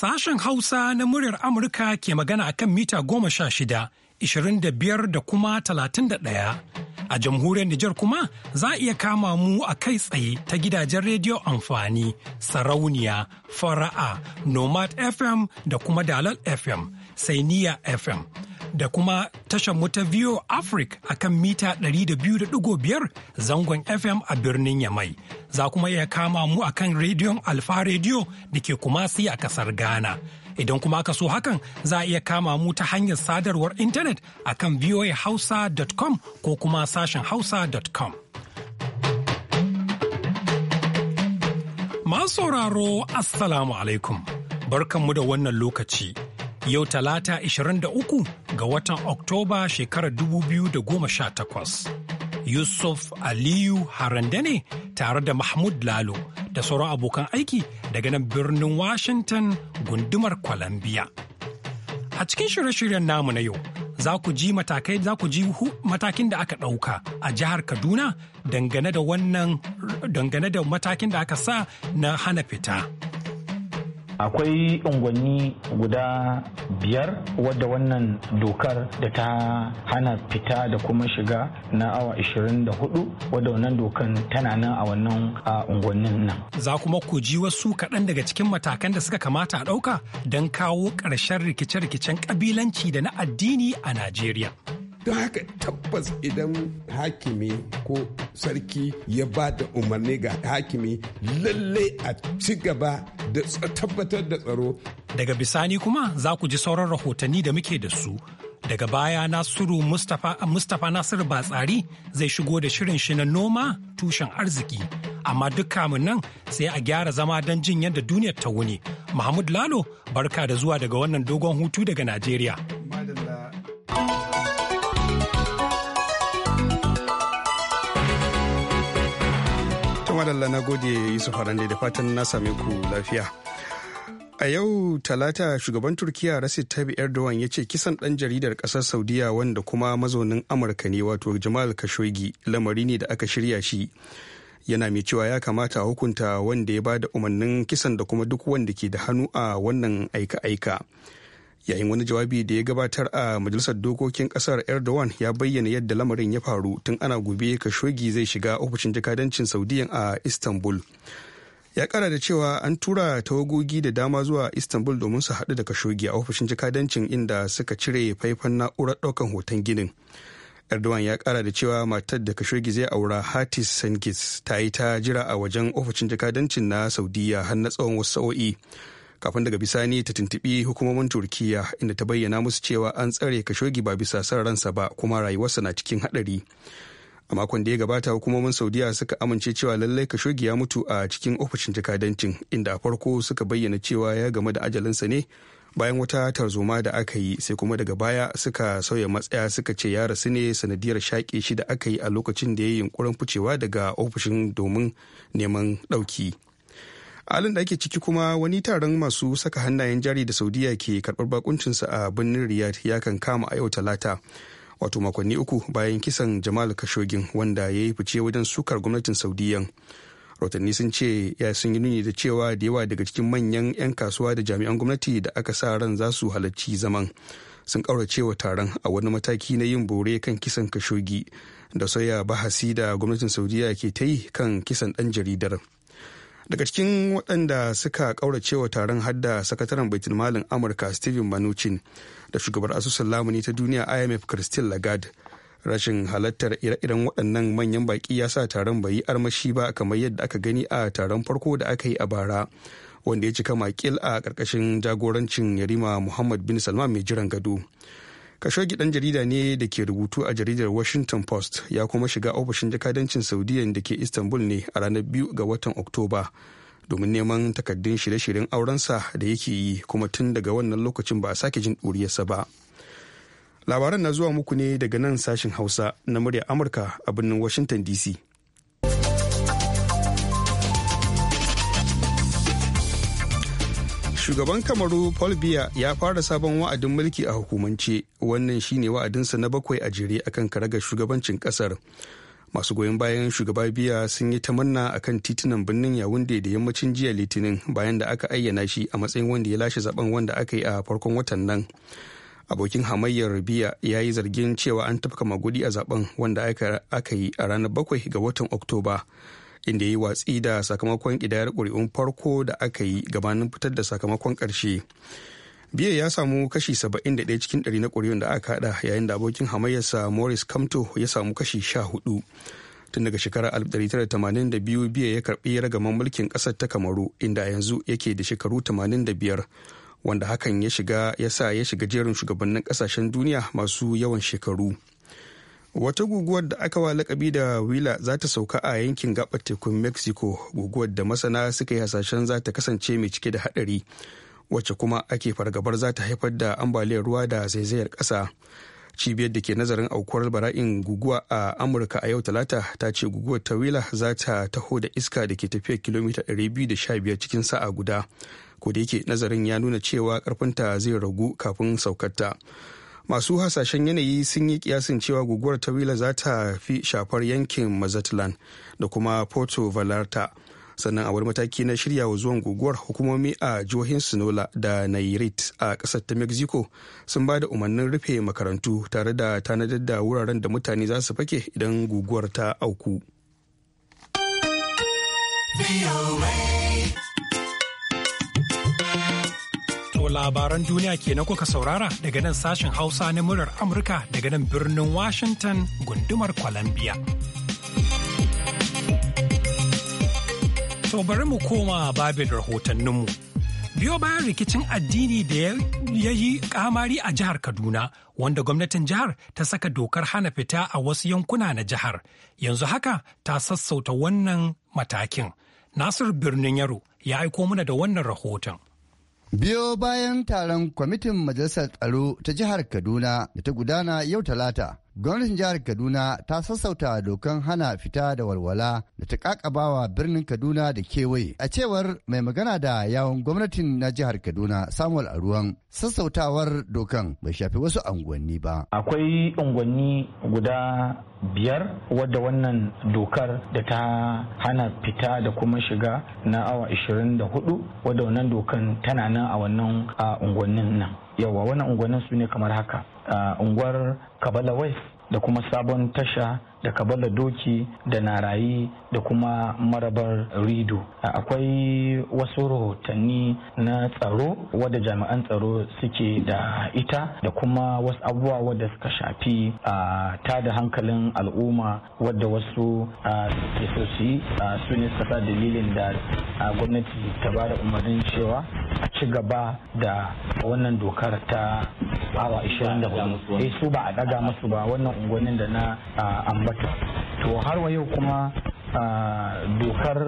Sashen Hausa na muryar Amurka ke magana a kan mita goma sha shida, ishirin da biyar da kuma talatin da ɗaya. A jamhuriyar Nijar kuma za a iya kama mu a kai tsaye ta gidajen rediyo amfani, sarauniya, fara'a, nomad FM da kuma dalal FM, sainiya FM. da kuma tashar mu ta Vio Africa akan mita 200.5 zangon FM a birnin Yamai. Za kuma iya kama mu akan rediyon Alfa Radio da ke Kumasi a kasar Ghana. Idan kuma ka so hakan za a iya kama mu ta hanyar sadarwar intanet a kan voahausa.com ko kuma sashen hausa.com. Masu sauraro, Assalamu alaikum, barkanmu da wannan lokaci. yau talata 23 ga watan Oktoba shekarar 2018. Yusuf Aliyu Harande ne tare da Mahmud Lalo da sauran abokan aiki daga nan birnin Washington gundumar Columbia. A cikin shirye-shiryen namu na yau, za ku ji matakin da aka ɗauka a jihar Kaduna dangane da dangane da matakin da aka sa na hana fita. akwai unguwanni guda biyar wadda wannan dokar da ta hana fita da kuma shiga na awa 24 wadda wannan dokan tana nan a wannan unguwannin nan. Za kuma ku ji wasu kaɗan daga cikin matakan da suka kamata a ɗauka don kawo ƙarshen rikice-rikicen ƙabilanci da na addini a Najeriya. don haka tabbas idan hakimi ko sarki ya ba da umarni ga hakimi lalle a ci gaba da tabbatar da tsaro daga bisani kuma za ku ji sauran rahotanni da muke da su daga baya nasiru mustapha nasiru batsari zai shigo da shirin shi na noma tushen arziki amma duk kamun nan sai a gyara zama don jin yadda duniyar ta wuni mahmud lalo barka da zuwa daga wannan dogon hutu daga najeriya madalla na gode yusuf harande da fatan na same ku lafiya a yau talata shugaban turkiya rasit tabi erdogan ya ce kisan dan jaridar kasar saudiya wanda kuma mazaunin amurka ne wato jamal khashoggi lamari ne da aka shirya shi yana mai cewa ya kamata a hukunta wanda ya ba da umarnin kisan da kuma duk wanda ke da hannu a wannan aika-aika yayin wani jawabi da ya gabatar a majalisar dokokin kasar erdogan ya bayyana yadda lamarin ya faru tun ana gobe kashogi zai shiga ofishin jakadancin saudiyan a istanbul ya kara da cewa an tura tawagogi da dama zuwa istanbul domin su haɗu da kashogi a ofishin jakadancin inda suka cire faifan na'urar ɗaukan hoton ginin erdogan ya kara da cewa matar da kashogi zai aura hatis sankis ta yi ta jira a wajen ofishin jakadancin na saudiya har na tsawon wasu sa'o'i kafin daga bisani ta tuntubi hukumomin turkiya inda ta bayyana musu cewa an tsare kashogi ba bisa son ransa ba kuma rayuwarsa na cikin haɗari a makon da ya gabata hukumomin saudiya suka amince cewa lallai kashogi ya mutu a cikin ofishin jakadancin inda a farko suka bayyana cewa ya game da ajalinsa ne bayan wata tarzoma da aka yi sai kuma daga baya suka sauya matsaya suka ce ya rasu ne sanadiyar shaƙe shi da aka yi a lokacin da ya yi yunkurin ficewa daga ofishin domin neman ɗauki. alin halin da ake ciki kuma wani taron masu saka hannayen jari da saudiya ke karbar bakuncinsa a birnin riyadh ya kan kama a yau talata wato makonni uku bayan kisan jamal kashogin wanda ya yi fice wajen sukar gwamnatin saudiyan rotanni sun ce ya sun yi nuni da cewa da yawa daga cikin manyan 'yan kasuwa da jami'an gwamnati da aka sa ran za su halarci zaman sun ƙauracewa taron a wani mataki na yin bore kan kisan kashogi da soya bahasi da gwamnatin saudiya ke ta yi kan kisan ɗan jaridar daga cikin waɗanda suka ƙauracewa taron hadda sakataren baitul malin amurka steven mnuchin da shugabar asusun lamuni ta duniya imf christine lagarde rashin halartar ire-iren waɗannan manyan baƙi ya sa taron bai yi armashi ba kamar yadda aka gani a taron farko da aka yi a bara wanda ya cika makil a ƙarƙashin jagorancin yarima muhammad bin salman mai jiran gado Kashogi dan jarida ne da ke rubutu a jaridar Washington Post ya kuma shiga ofishin jakadancin Saudiya da ke Istanbul ne a ranar biyu ga watan Oktoba domin neman takaddun shirye-shiryen aurensa da yake yi kuma tun daga wannan lokacin ba a sake jin ɗuriyarsa ba. Labaran na zuwa muku ne daga nan sashen Hausa na murya Amurka a birnin Washington DC. shugaban kamaru paul biya ya fara sabon wa'adin mulki a hukumance wannan shine wa'adinsa na bakwai a jere akan karagar shugabancin kasar masu goyon bayan shugaba biya sun yi tamanna akan titunan birnin yawunde da yammacin jiya litinin bayan da aka ayyana shi a matsayin wanda ya lashe zaben wanda aka yi a farkon watan nan abokin hamayyar biya ya yi zargin cewa an tafka magudi a zaben wanda aka yi a ranar bakwai ga watan oktoba inda ya yi watsi da sakamakon ƙidayar ƙuri'un farko da aka yi gabanin fitar da sakamakon ƙarshe biya ya samu kashi 71 cikin 100 na ƙuri'un da aka haɗa yayin da abokin hamayyarsa morris kamto ya samu kashi 14 tun daga shekarar 1982 biya ya karɓi ragaman mulkin ƙasar ta kamaru inda yanzu yake da shekaru 85 wanda hakan ya shiga ya sa ya shiga jerin shugabannin ƙasashen duniya masu yawan shekaru. wata guguwar da aka wa lakabi da wila za ta sauka a yankin gabar tekun mexico guguwar da masana suka yi hasashen za ta kasance mai cike da hadari wacce kuma ake fargabar za ta haifar da ambaliyar ruwa da zaizayar kasa cibiyar da ke nazarin aukuwar bara'in guguwa a amurka a yau talata ta ce guguwar ta wila za ta taho da iska da ke tafiya kilomita 215 cikin sa'a guda ko yake nazarin ya nuna cewa karfinta zai ragu kafin saukarta. ta masu hasashen yanayi sun yi kiyasin cewa guguwar ta wila za ta fi shafar yankin mazatlan da kuma porto valarta sannan a wani mataki na shirya wa zuwan guguwar hukumomi a jihohin sinola da nairit a kasar ta mexico sun ba da umarnin rufe makarantu tare da tanadar da wuraren da mutane za su fake idan guguwar ta auku. labaran duniya ke na kuka saurara daga nan sashen Hausa na murar Amurka daga nan birnin Washington gundumar Columbia. To bari mu koma babin rahotanninmu. Biyo bayan rikicin addini da ya yi kamari a jihar Kaduna, wanda gwamnatin jihar ta saka dokar hana fita a wasu yankuna na jihar. Yanzu haka ta sassauta wannan matakin. Nasir Birnin Yaro ya aiko mana da wannan rahoton. Biyo bayan taron kwamitin Majalisar Tsaro ta Jihar Kaduna da ta gudana yau Talata, gwamnatin Jihar Kaduna ta sassauta dokan hana fita da walwala da ta kakabawa birnin Kaduna da kewaye. A cewar mai magana da yawon gwamnatin na Jihar Kaduna Samuel Aruwan, sassautawar dokan bai shafi wasu unguwanni ba. Akwai unguwanni guda biyar wadda wannan dokar da ta hana fita da kuma shiga na awa 24 wadda wannan dokan tana nan a wannan unguwannin nan yawa wannan unguwannin su ne kamar haka unguwar kabala west da kuma sabon tasha da kabala doki da narayi da kuma marabar rido akwai wasu rahotanni na tsaro wadda jami'an tsaro suke da ita da kuma wasu abubuwa wadda suka shafi a da hankalin al'umma wadda wasu su su ne suka dalilin da gwamnati ta ba da umarnin cewa a ci gaba da wannan dokar ta awa 24 eh, su ba a daga masu ba wannan unguwannin da na amma ambata to har wa yau kuma dokar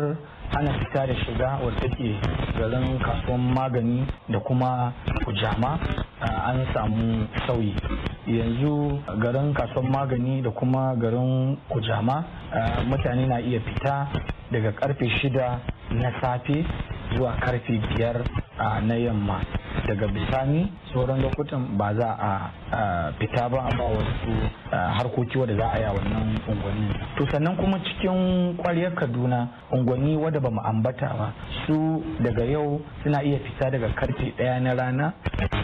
ana fita da shiga wadda take garin kasuwan magani da kuma kujama an samu sauyi yanzu garin kasuwan magani da kuma garin kujama mutane na iya fita daga karfe shida na safe zuwa karfe biyar na yamma daga bisani sauran lokutan ba za a fita ba ba wasu harkoki wadda za a yi wannan unguwanni to sannan kuma cikin kwaryar kaduna unguwanni wadda ba mu ambata ba su daga yau suna iya fita daga karfe daya na rana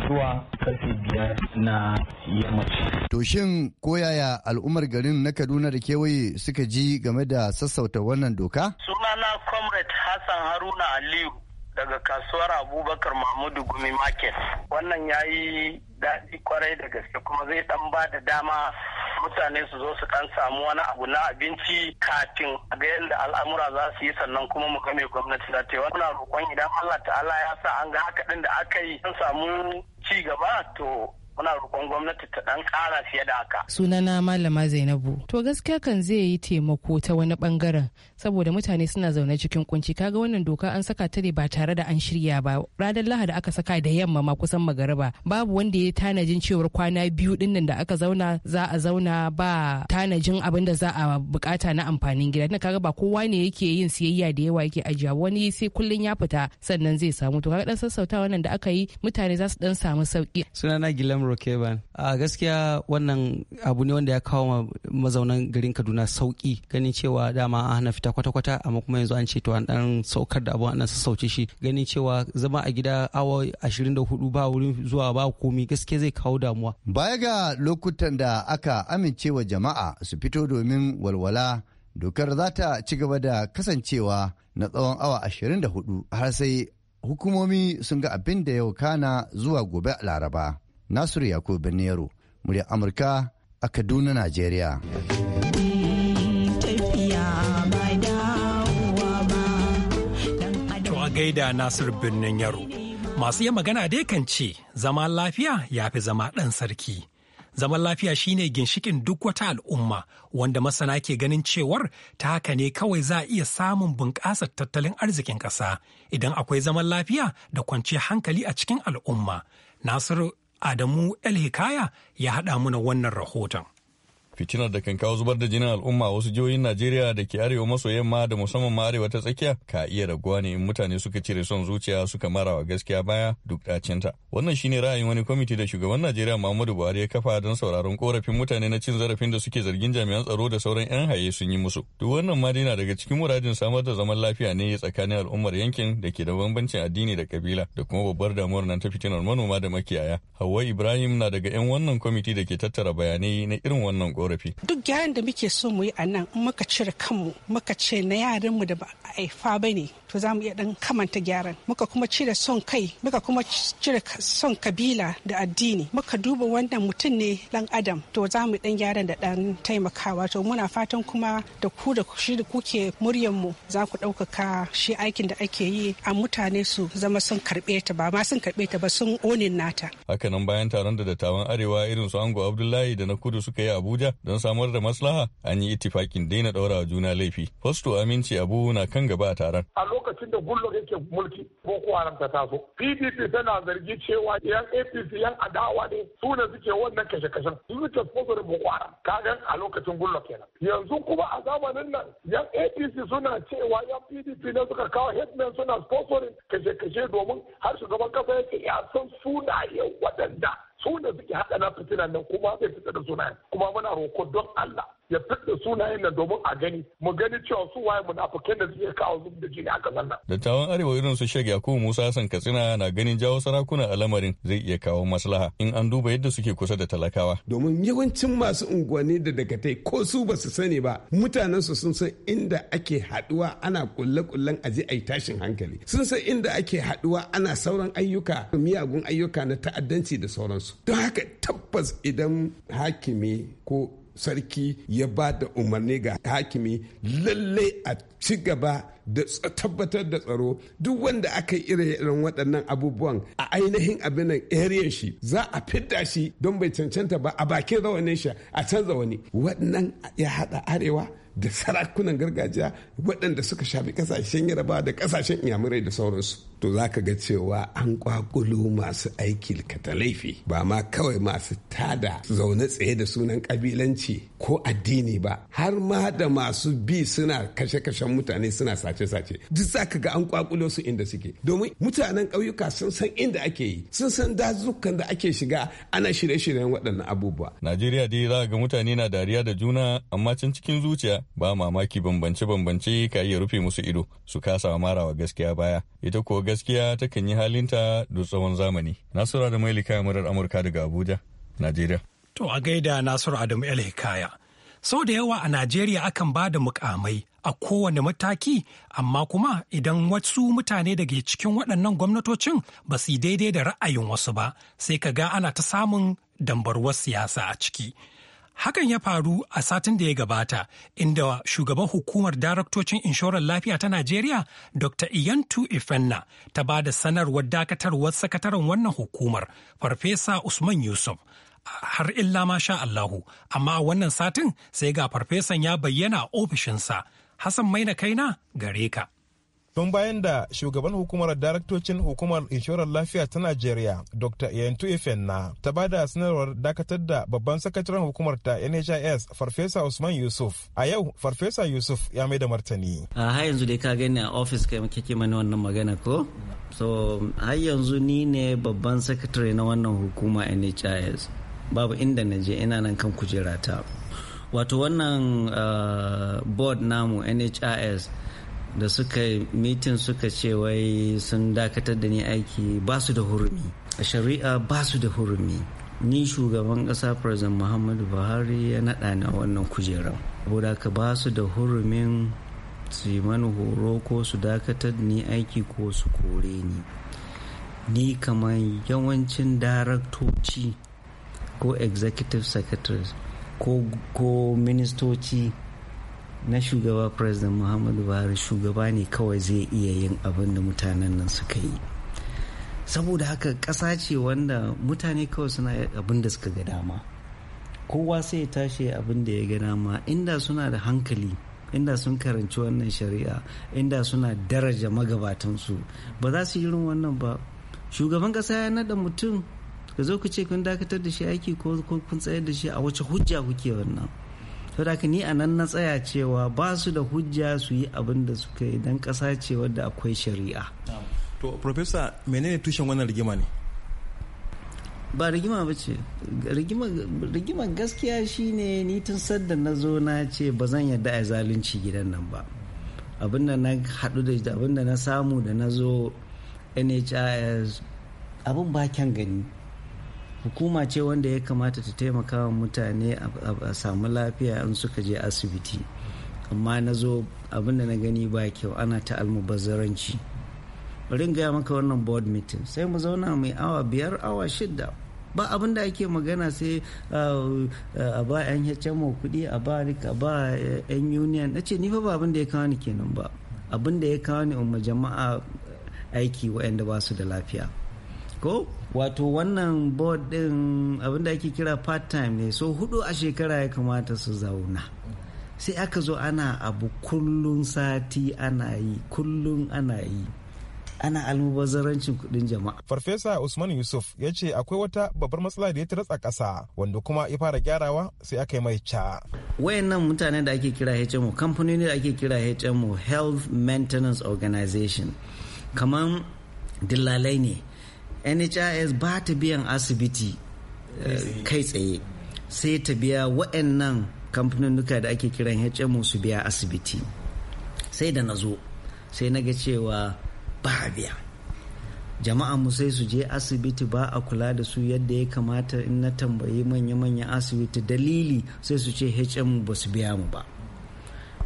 zuwa karfe biyar na yammaci to shin ko yaya al'ummar garin na kaduna da kewaye suka ji game da sassauta wannan doka sunana comrade hassan haruna aliyu daga kasuwar abubakar mahmudu gumi market wannan ya yi daɗi kwarai da gaske kuma zai ɗan ba da dama mutane su zo su ɗan samu wani abu na abinci kafin a ga yadda al'amura za su yi sannan kuma mu game gwamnati za ta yi wani roƙon idan allah ta'ala ya sa an ga haka ɗin da aka yi an samu ci gaba to muna roƙon gwamnati ta ɗan ƙara fiye da haka. Sunana Malama Zainabu. To gaskiya kan zai yi taimako ta wani ɓangaren saboda mutane suna zaune cikin kunci kaga wannan doka an saka ta ne ba tare da an shirya ba ranar lahadi aka saka da yamma ma kusan magariba babu wanda ya tanajin cewar kwana biyu dinnan da aka zauna za a zauna ba tanajin abin da za a bukata na amfanin gida na kaga ba kowa ne yake yin siyayya da yawa yake ajiya wani sai kullun ya fita sannan zai samu to kaga dan sassautawa wannan da aka yi mutane za su dan samu sauki sunana gilam Malam Rokeban. A gaskiya wannan abu ne wanda ya kawo mazaunan garin Kaduna sauki ganin cewa dama an hana fita kwata-kwata amma kuma yanzu an ce to an dan saukar da abu an sauce shi ganin cewa zama a gida awa 24 ba wurin zuwa ba komi gaskiya zai kawo damuwa. Baya ga lokutan da aka amincewa jama'a su fito domin walwala dokar za ta ci gaba da kasancewa na tsawon awa 24 har sai hukumomi sun ga abin da yau kana zuwa gobe laraba. Nasiru Yakubu Benero, muryar Amurka a Kaduna, Najeriya. To a gaida Nasiru birnin Yaro. Masu yi magana dai kan ce, zama lafiya ya fi zama ɗan sarki. Zaman lafiya shine ginshikin duk wata al'umma wanda masana ke ganin cewar ta haka ne kawai za a iya samun bunƙasar tattalin arzikin ƙasa idan akwai zaman lafiya da kwanci hankali a cikin al'umma. Nasiru Adamu El Hikaya ya haɗa muna wannan rahoton. fitinar da kan kawo zubar da jinin al'umma wasu jihohin najeriya da ke arewa maso yamma da musamman ma arewa ta tsakiya ka iya raguwa ne in mutane suka cire son zuciya suka mara wa gaskiya baya duk ta wannan shine ra'ayin wani kwamiti da shugaban najeriya muhammadu buhari ya kafa don sauraron korafin mutane na cin zarafin da suke zargin jami'an tsaro da sauran yan haye sun yi musu duk wannan ma dina daga cikin muradin samar da zaman lafiya ne tsakanin al'ummar yankin da ke da bambancin addini da kabila da kuma babbar damuwar nan ta fitinar manoma da makiyaya hawa ibrahim na daga yan wannan kwamiti da ke tattara bayanai na irin wannan korafi duk gyaran da muke so mu yi a nan in muka cire kanmu muka ce na yaranmu da ba a haifa ba ne to za mu iya dan kamanta gyaran muka kuma cire son kai muka kuma cire son kabila da addini muka duba wannan mutum ne dan adam to za mu dan gyaran da dan taimakawa to muna fatan kuma da ku da shi da kuke muryan mu za ku ɗaukaka shi aikin da ake yi a mutane su zama sun karɓe ta ba ma sun karɓe ta ba sun onin nata hakanan bayan taron da dattawan arewa irin su ango abdullahi da na kudu suka yi abuja don samar da maslaha an yi itifakin daina ɗaura juna laifi. Fasto Aminci Abu na kan gaba a taron. A lokacin da Gullo yake mulki Boko Haram ta taso. PDP tana zargi cewa yan APC yan adawa ne su ne suke wannan kashe-kashen. Su suke sponsor Boko Haram. Kagan a lokacin Gullo kenan. Yanzu kuma a zamanin nan yan APC suna cewa yan PDP ne suka kawo Headman suna sponsoring kashe-kashe domin har shugaban kasa yake ya san sunayen waɗanda su da suke haɗa na fitina nan kuma zai fita da sunayen kuma muna roko don Allah ya fitta sunayen nan domin a gani mu gani cewa su waye munafukai da suke kawo zub da jini a kasar nan. Dattawan Arewa irin su Sheikh Yakubu Musa san Katsina na ganin jawo sarakuna a lamarin zai iya kawo maslaha in an duba yadda suke kusa da talakawa. Domin yawancin masu unguwanni da dagatai ko su ba su sani ba mutanen su sun san inda ake haduwa ana kulle-kullen aje ai tashin hankali. Sun san inda ake haduwa ana sauran ayyuka miyagun ayyuka na ta'addanci da sauransu. Don haka tabbas idan hakimi ko sarki ya ba da umarni ga hakimi lallai a ci gaba da tabbatar da tsaro duk wanda aka yi irin waɗannan abubuwan a ainihin abin nan shi za a fidda shi don bai cancanta ba a bakin rawanin shi a canza wani waɗannan ya haɗa arewa da sarakunan gargajiya waɗanda suka shafi ƙasashen yaraba da ƙasashen iyamurai da sauransu to za ka ga cewa an kwakulu masu aiki kata laifi ba ma kawai masu tada zaune tsaye da sunan kabilanci ko addini ba har ma da masu bi suna kashe-kashen mutane suna sace-sace duk za ka ga an kwakulo su inda suke domin mutanen ƙauyuka sun san inda ake yi sun san dazukan da ake shiga ana shirye-shiryen waɗannan abubuwa najeriya dai za ga mutane na dariya da juna amma can cikin zuciya ba mamaki bambance-bambance ka iya rufe musu ido su kasa marawa gaskiya baya ita kuwa gaskiya takan yi halinta da tsawon zamani. Nasura da Mailika murar Amurka daga Abuja, Najeriya. To a gaida Nasiru Adamu El Hikaya. Sau da yawa a Najeriya akan ba da mukamai a kowane mataki, amma kuma idan wasu mutane daga cikin waɗannan gwamnatocin ba su daidai da ra'ayin wasu ba, sai ka ga ana ta samun dambarwar siyasa a ciki. Hakan ya faru a satin da ya gabata, inda shugaban hukumar daraktocin inshorar lafiya ta Najeriya, Dr. Iyantu Ifenna, ta ba da sanarwar dakatarwar sakataren wannan hukumar, Farfesa Usman Yusuf. Har illa ma sha Allahu, amma wannan satin sai ga farfesan ya bayyana ofishinsa. Hassan Maina kaina gare ka. tun bayan da shugaban hukumar daraktocin hukumar inshorar lafiya ta najeriya dr yantu ifenna ta ba da sanarwar dakatar da babban sakataren hukumar ta nhis farfesa usman yusuf a yau farfesa yusuf ya mai da martani a har yanzu dai ka gani a ofis kai kake mana wannan magana ko so har yanzu ni ne babban sakatare na wannan hukuma nhis babu inda na je ina nan kan kujerata wato wannan ah, board namu nhis da suka mitin suka ce wai sun dakatar da ni aiki ba su da hurumi a shari'a ba su da hurumi ni shugaban ƙasa president muhammadu buhari ya naɗa na wannan kujerar ka ba su da hurumin su yi mani horo ko su dakatar da ni aiki ko su kore ni ni kamar yawancin daraktoci ko executive secretary ko, ko ministoci na shugaba president muhammadu buhari shugaba ne kawai zai iya yin abin da mutanen nan suka yi saboda haka ƙasa ce wanda mutane kawai suna abin da suka ga dama kowa sai ya tashi abin da ya ga dama inda suna da hankali inda sun karanci wannan shari'a inda suna daraja magabatansu ba za su yi irin wannan ba shugaban ƙasa ya naɗa mutum ka zo ku ce kun dakatar da shi aiki ko kun tsayar da shi a wace hujja kuke wannan saboda ni a nan na tsaya cewa ba su da hujja su yi abin da suka yi don ƙasa ce wadda akwai shari'a to Profesa, menene tushen wannan rigima ne ba rigima ba ce rigima gaskiya shine ni tun sadda na zo na ce ba zan yarda a zalunci gidan nan ba abinda na haɗu da abinda na samu da na zo nhis abin ba kyan gani hukuma ce wanda ya kamata ta taimaka wa mutane a samu lafiya in suka je asibiti amma na zo abin na gani ba kyau ana ta almubazzaranci bari gaya maka wannan board meeting sai mu zauna mai awa biyar awa shidda ba abin da ake magana sai ah, ah, a ba yan hmo kudi a ba a ba yan eh, union na ce ni fa ba abin da ya kawo ni kenan ba abin da ya kawo ni umma jama'a aiki waɗanda ba su da lafiya ko wato wannan board din abinda ake kira part time ne so hudu a shekara ya kamata su zauna sai aka zo ana abu kullun sati ana yi kullun ana yi ana almubazarancin kudin jama'a. Farfesa Usman Yusuf ya ce akwai wata babbar matsala da ya ratsa ƙasa wanda kuma ya fara gyarawa sai aka yi mai ca. Wayannan mutane da ake kira HMO, kamfanin da ake kira HMO Health Maintenance Organization, kamar dillalai ne. nhis ba ta biyan asibiti eh, kai tsaye sai ta biya waɗannan kamfaninnuka da ake kiran hmo su biya asibiti sai da na zo sai na ga cewa ba a biya jama'a mu sai su je asibiti ba a kula da su yadda ya kamata in na tambayi manya-manyan asibiti dalili sai su ce hm ba su biya mu ba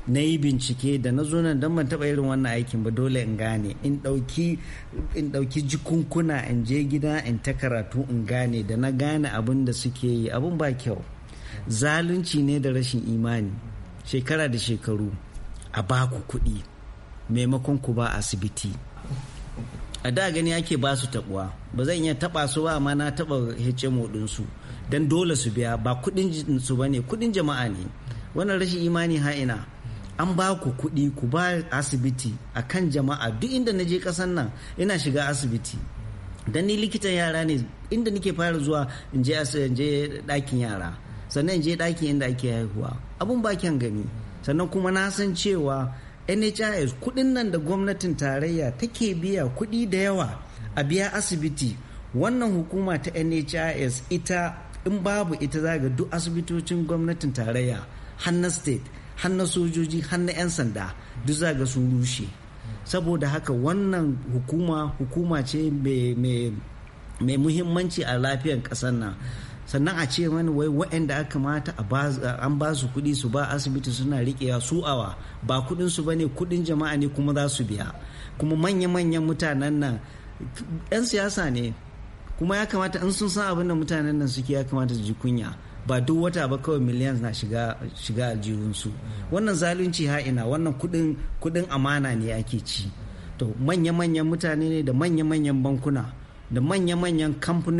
na yi bincike da na zo nan don ban taɓa irin wannan aikin ba dole in gane in ɗauki jikunkuna in je gida in ta karatu in gane da na gane abin da suke yi abin ba kyau zalunci ne da rashin imani shekara da shekaru a baku kuɗi maimakon ku ba asibiti a da gani ake ba su tabuwa ba zan iya taɓa su ba amma na taɓa HMO ɗinsu don dole su biya ba kudin su ba ne kudin jama'a ne wannan rashin imani ha'ina an ba ku kuɗi ku ba asibiti a kan jama'a duk inda na je ƙasan nan ina shiga asibiti dan ni likitan yara ne inda nake fara zuwa in je ɗakin yara sannan in je ɗakin inda ake haihuwa abun ba kyan gani sannan kuma na san cewa nhis kuɗin nan da gwamnatin tarayya take biya kuɗi da yawa a biya asibiti wannan hukuma ta nhis ita in babu ita zaga duk asibitocin gwamnatin tarayya hannun state har sojoji har 'yan sanda duk za ga sun rushe saboda haka wannan hukuma hukuma ce mai muhimmanci a lafiyar ƙasar nan sannan a ce mana wai waɗanda aka kamata an ba su kuɗi su ba asibiti suna riƙewa su awa ba kuɗin su bane kuɗin jama'a ne kuma za su biya kuma manya-manyan mutanen nan 'yan siyasa ne kuma ya kamata in sun san abin da mutanen nan suke ya kamata su ji kunya ba duk wata ba kawai miliyan na shiga shiga aljihunsu wannan zalunci ha'ina wannan kudin amana ne ake ci to manya-manyan mutane ne da manya-manyan bankuna da manya-manyan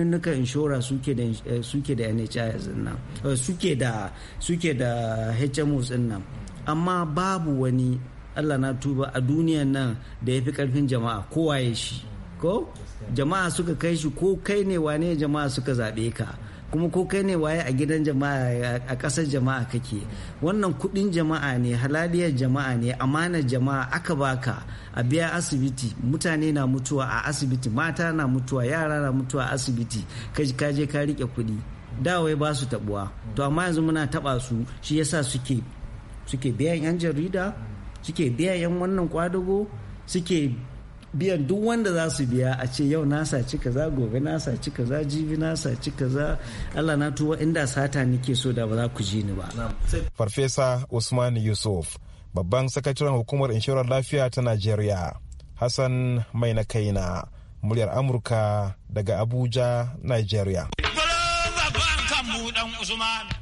nuka inshora eh, eh, suke da suke da NHIS nan suke da suke da nan amma babu wani Allah na tuba a duniyan nan da ya fi karfin jama'a kowa ya shi ko jama'a suka kai shi ko kai ne wane jama'a suka zaɓe ka kuma ko kai ne waye a gidan jama'a a ƙasar jama'a kake wannan kuɗin jama'a ne halaliyar jama'a ne amanar jama'a aka baka a biya asibiti mutane na mutuwa a asibiti mata na mutuwa yara na mutuwa a asibiti ka je ka riƙe kuɗi dawai ba su taɓuwa to amma yanzu muna taɓa su shi yasa suke suke biyan yan jarida suke biyan yan wannan kwadago suke biyan duk wanda za su biya a ce yau na saci kaza gobe na saci kaza jibi na saci kaza Allah na tuwa inda sata nake so da ba za ku ji ni ba. Farfesa Usman Yusuf babban sakataren hukumar inshorar lafiya ta Najeriya Hassan Mai na kaina muryar Amurka daga Abuja Najeriya.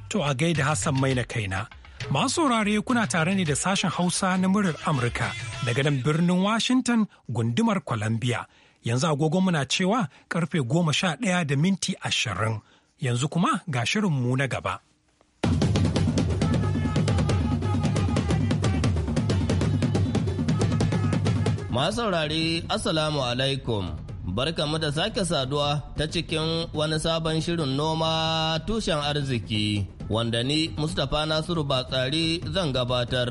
To a gaida Hassan Mai na kaina. Masu saurare kuna tare ne da sashen Hausa na muryar Amurka daga nan birnin Washington gundumar Columbia. Yanzu agogon muna cewa karfe goma sha ɗaya da minti ashirin. Yanzu kuma ga shirinmu na gaba. Masu saurare, Assalamu alaikum. barka mu da sake saduwa ta cikin wani sabon shirin noma tushen arziki wanda ni mustapha nasiru batsari zan gabatar.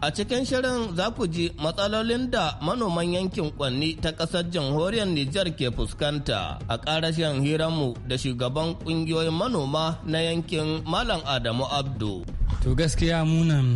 A cikin shirin za ku ji matsalolin da manoman yankin Kwanni ta ƙasar jamhuriyar Nijar ke fuskanta a ƙarashen hiranmu da shugaban ƙungiyoyin manoma na yankin Malam Adamu Abdu. to gaskiya munan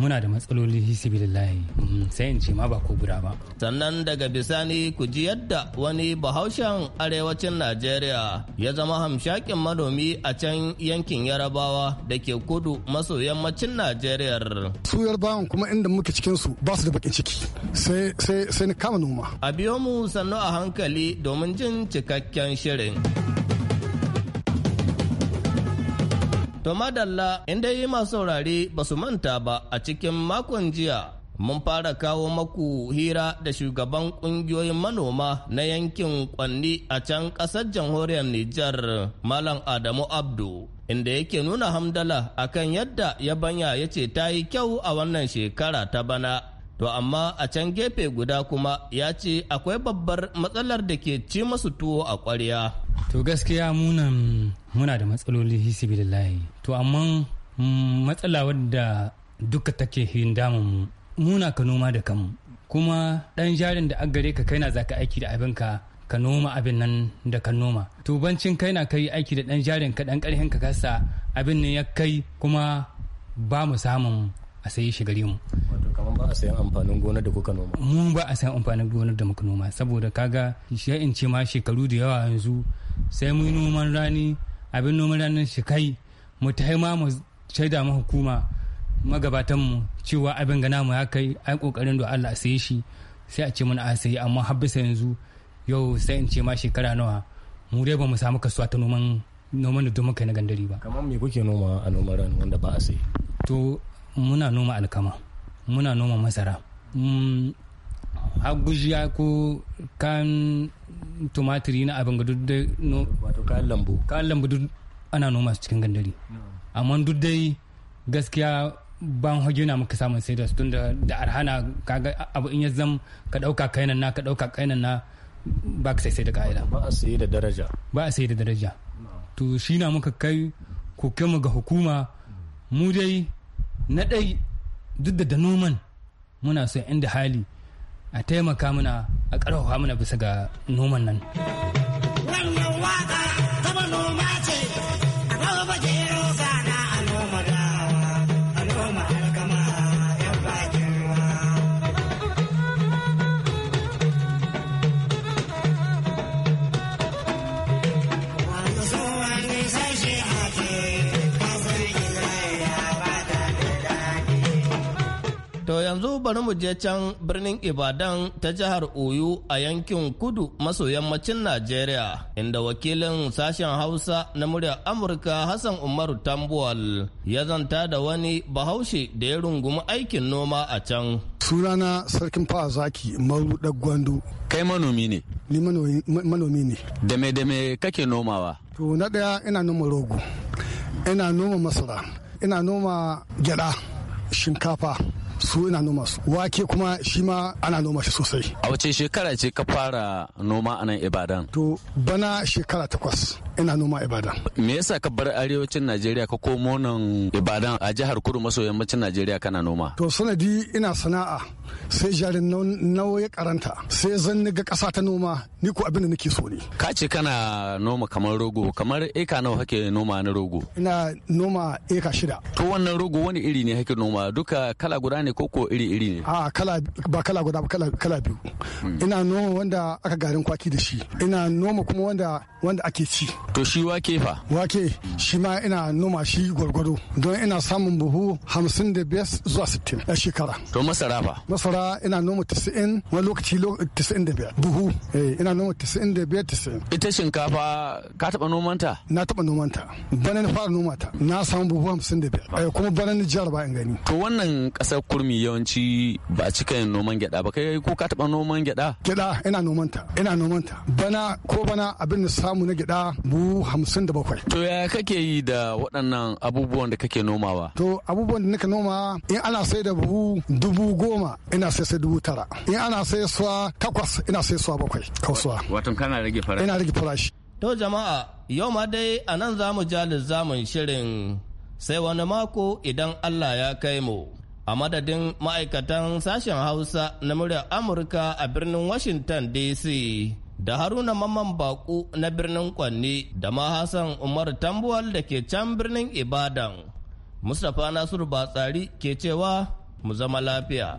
muna da matsaloli hisibilillahi mm, sai in ce ma ba ko guda ba sannan daga bisani ku ji yadda wani bahaushen arewacin najeriya ya zama hamshakin manomi a can yankin yarabawa da ke kudu maso yammacin najeriya su yarbawan kuma inda muke cikin su ba su da bakin ciki sai sai sai ni kama noma a biyo mu sannu a hankali domin jin cikakken shirin To madalla inda yi masu saurari ba su manta ba a cikin makon jiya mun fara kawo maku hira da shugaban kungiyoyin manoma na yankin kwanni a can ƙasar jamhuriyar Nijar Malam Adamu Abdu. Inda yake nuna hamdala akan yadda yabanya ya ce ta yi kyau a wannan shekara ta bana. To amma a can gefe guda kuma ya ce akwai babbar matsalar da ke ci masu tuwo a ƙwarya. to gaskiya munan muna da matsaloli layi to amma mm, matsala wadda duka take hin damun muna ka noma da kanmu kuma dan jarin da an gare ka kai na zaka aiki da abinka ka noma abin nan da ka noma to bancin kai na kai aiki da dan jarin ka dan karhin ka kasa abin ne ya kai kuma ba mu samun a sayi shi gare mu wato kaman ba a sayan amfanin gonar da kuka noma mu ba a sayan amfanin gonar da muka noma saboda kaga shi in ce ma shekaru da yawa yanzu sai mu noman rani abin noman ranin shi kai mu ta ma mu shaida ma hukuma mu cewa abin gana mu ya kai ai kokarin da Allah sai shi sai a ce mun a sai amma har bisa yanzu yau sai in ce ma shekara nawa mu dai ba mu samu kasuwa ta noman noman da domin kai na gandari ba kamar me kuke noma a noman rani wanda ba a sai to muna noma alkama muna noma masara mm, har gujiya ko kan tumatiri na abin ga duk dai wato kayan lambu kayan lambu duk ana noma su cikin gandari amma duk dai gaskiya ban hage na muka samun sai da tun da arhana kaga abu in ya zam ka dauka kainan na ka dauka kainan na ba ka sai sai da ka'ida ba a sai da daraja ba a sai da daraja to shi na muka kai ko mu ga hukuma mu dai na dai duk da da noman muna so inda hali a taimaka muna a ƙarfafa mana bisa ga noman nan. Wannan bari mu je can birnin Ibadan ta jihar Oyo a yankin kudu maso yammacin Najeriya, inda wakilin sashen Hausa na murya Amurka Hassan Umaru Tambuwal ya zanta da wani bahaushe da ya rungumi aikin noma a can. Sunana Sarkin Fawa Zaki maru Gwandu. Kai manomi ne? Ni manomi ne. Dame-dame kake nomawa? To na ɗaya ina noma rogo, ina noma masara, ina noma gyada, shinkafa. su yana noma su wake kuma shi ma ana noma shi sosai a wace shekara ce ka fara noma a nan ibadan to bana shekara takwas ina noma ibadan me yasa ka bar arewacin najeriya ka komo nan ibadan a jihar kudu maso yammacin najeriya kana noma to sanadi ina sana'a sai jarin nawa ya karanta sai zan ga kasa ta noma ni ko abin da nake so ne ka ce kana noma kamar rogo kamar eka nawa kake noma na rogo ina noma eka shida to wannan rogo wani iri ne kake noma duka kala guda ne ko ko iri-iri ne? A ah, kala ba kala guda ba kala biyu. Hmm. Ina noma wanda aka garin kwaki da shi. Ina noma kuma wanda wanda ake ci. To shi wake fa? Wake shi ma ina noma shi gwargwado don ina samun buhu hamsin da biyar zuwa sittin a shekara. To masara fa? Masara ina noma tisa'in wani lokaci tisa'in da biyar buhu. Eh, ina noma tisa'in da biyar tisa'in. Ita shinkafa ka taɓa nomanta? Na taɓa nomanta. Bana na fara noma ta. Na samu buhu hamsin da biyar. Eh, kuma bana ni jihar in gani. To wannan ƙasar kurmi yawanci ba a cika yin noman gyada ba kai ko ka taba noman gyada gyada ina noman ta ina noman ta bana ko bana abin da samu na gyada bu 57 to ya kake yi da waɗannan abubuwan da kake nomawa to abubuwan da nika noma in ana sai da buhu dubu goma ina sai sai dubu tara in ana sai suwa takwas ina sai suwa bakwai kausuwa watan kana rage farashi ina rage farashi to jama'a yau ma dai a nan za mu ja zamun shirin sai wani mako idan Allah ya kai mu. a madadin ma'aikatan sashen hausa na muryar amurka a birnin washington dc da haruna mamman baku na birnin kwanne da ma hassan umar tambuwal da ke can birnin ibadan mustapha nasiru batsari ke cewa mu zama lafiya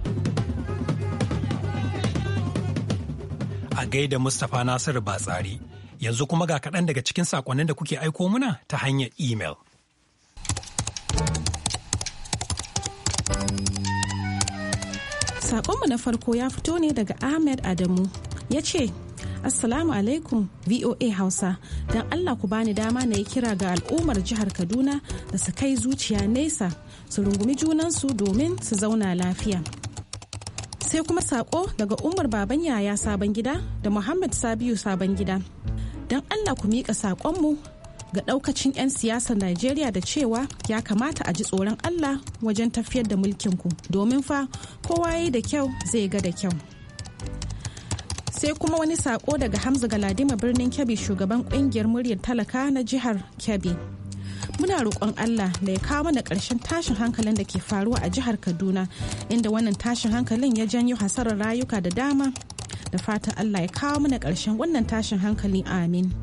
a gaida mustapha nasiru batsari yanzu kuma ga kaɗan daga cikin saƙonnin da kuke aiko muna ta hanyar imel. Sakonmu na farko ya fito ne daga Ahmed Adamu ya ce, Assalamu alaikum VOA Hausa, don Allah ku bani dama na yi kira ga al'ummar jihar Kaduna da su kai zuciya nesa su rungumi junansu domin su zauna lafiya. Sai kuma sako daga Umar Baban Yaya Sabon Gida da Muhammad Sabiu Sabon Gida. Don Allah ku miƙa saƙonmu ga daukacin 'yan siyasar Najeriya da cewa ya kamata a ji tsoron Allah wajen tafiyar da mulkinku domin fa kowa yi da kyau zai ga da kyau. sai kuma wani sako daga hamza ga ladima birnin kebbi shugaban kungiyar muryar talaka na jihar kebbi muna roƙon allah da ya kawo mana ƙarshen tashin hankalin da ke faruwa a jihar kaduna inda wannan tashin hankalin ya janyo hasarar rayuka da dama da fatan allah ya kawo mana ƙarshen wannan tashin hankali amin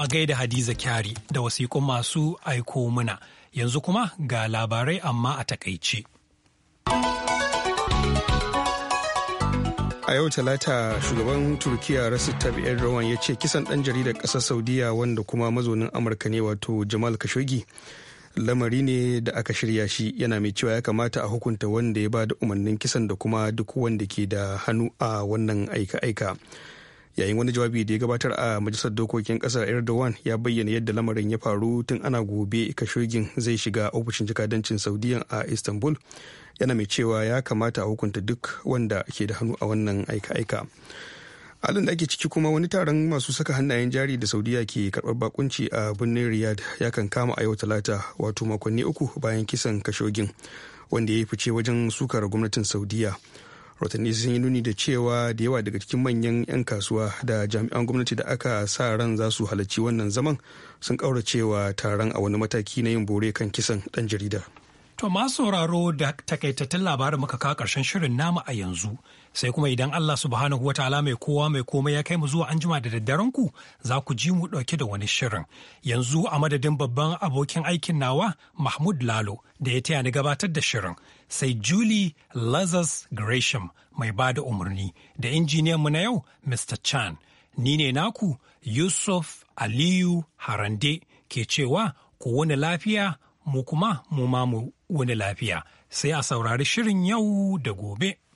a gaida Hadiza Kyari da wasiƙun masu aiko muna. Yanzu kuma ga labarai amma a takaice. A yau talata shugaban Turkiya Recep Tayyip rawan ya ce kisan ɗan jaridar ƙasar Saudiya wanda kuma mazaunin Amurka ne wato Jamal kashogi Lamari ne da aka shirya shi yana mai cewa ya kamata a hukunta wanda ya ba da umarnin kisan da kuma duk wanda ke da hannu a wannan aika-aika. yayin wani jawabi da ya gabatar a majalisar dokokin kasar erdogan ya bayyana yadda lamarin ya faru tun ana gobe kashogin zai shiga ofishin jakadancin saudiya a istanbul yana mai cewa ya kamata a hukunta duk wanda ke da hannu a wannan aika-aika halin da ake ciki kuma wani taron masu saka hannayen jari da saudiya ke karbar bakunci a birnin riyad ya kan kama a yau talata wato makonni uku bayan kisan kashogin wanda ya yi fice wajen sukar gwamnatin saudiya rotanni sun yi nuni da cewa da yawa daga cikin manyan 'yan kasuwa da jami'an gwamnati da aka sa ran za su halarci wannan zaman sun cewa taron a wani mataki na yin bore kan kisan ɗan jarida. To masu sauraro da takaitattun labarin muka kawo ƙarshen shirin nama a yanzu sai kuma idan Allah subhanahu wa ta'ala mai kowa mai komai ya kai mu zuwa anjima da daddaren ku za ku ji mu ɗauke da wani shirin yanzu a madadin babban abokin aikin nawa Mahmud Lalo da ya taya ni gabatar da shirin sai Julie Lazarus Gresham mai ba da umarni da injiniyanmu na yau Mr. Chan. Ni ne naku Yusuf Aliyu Harande ke cewa ku wani lafiya mu kuma mu ma wani lafiya sai a saurari shirin yau da gobe.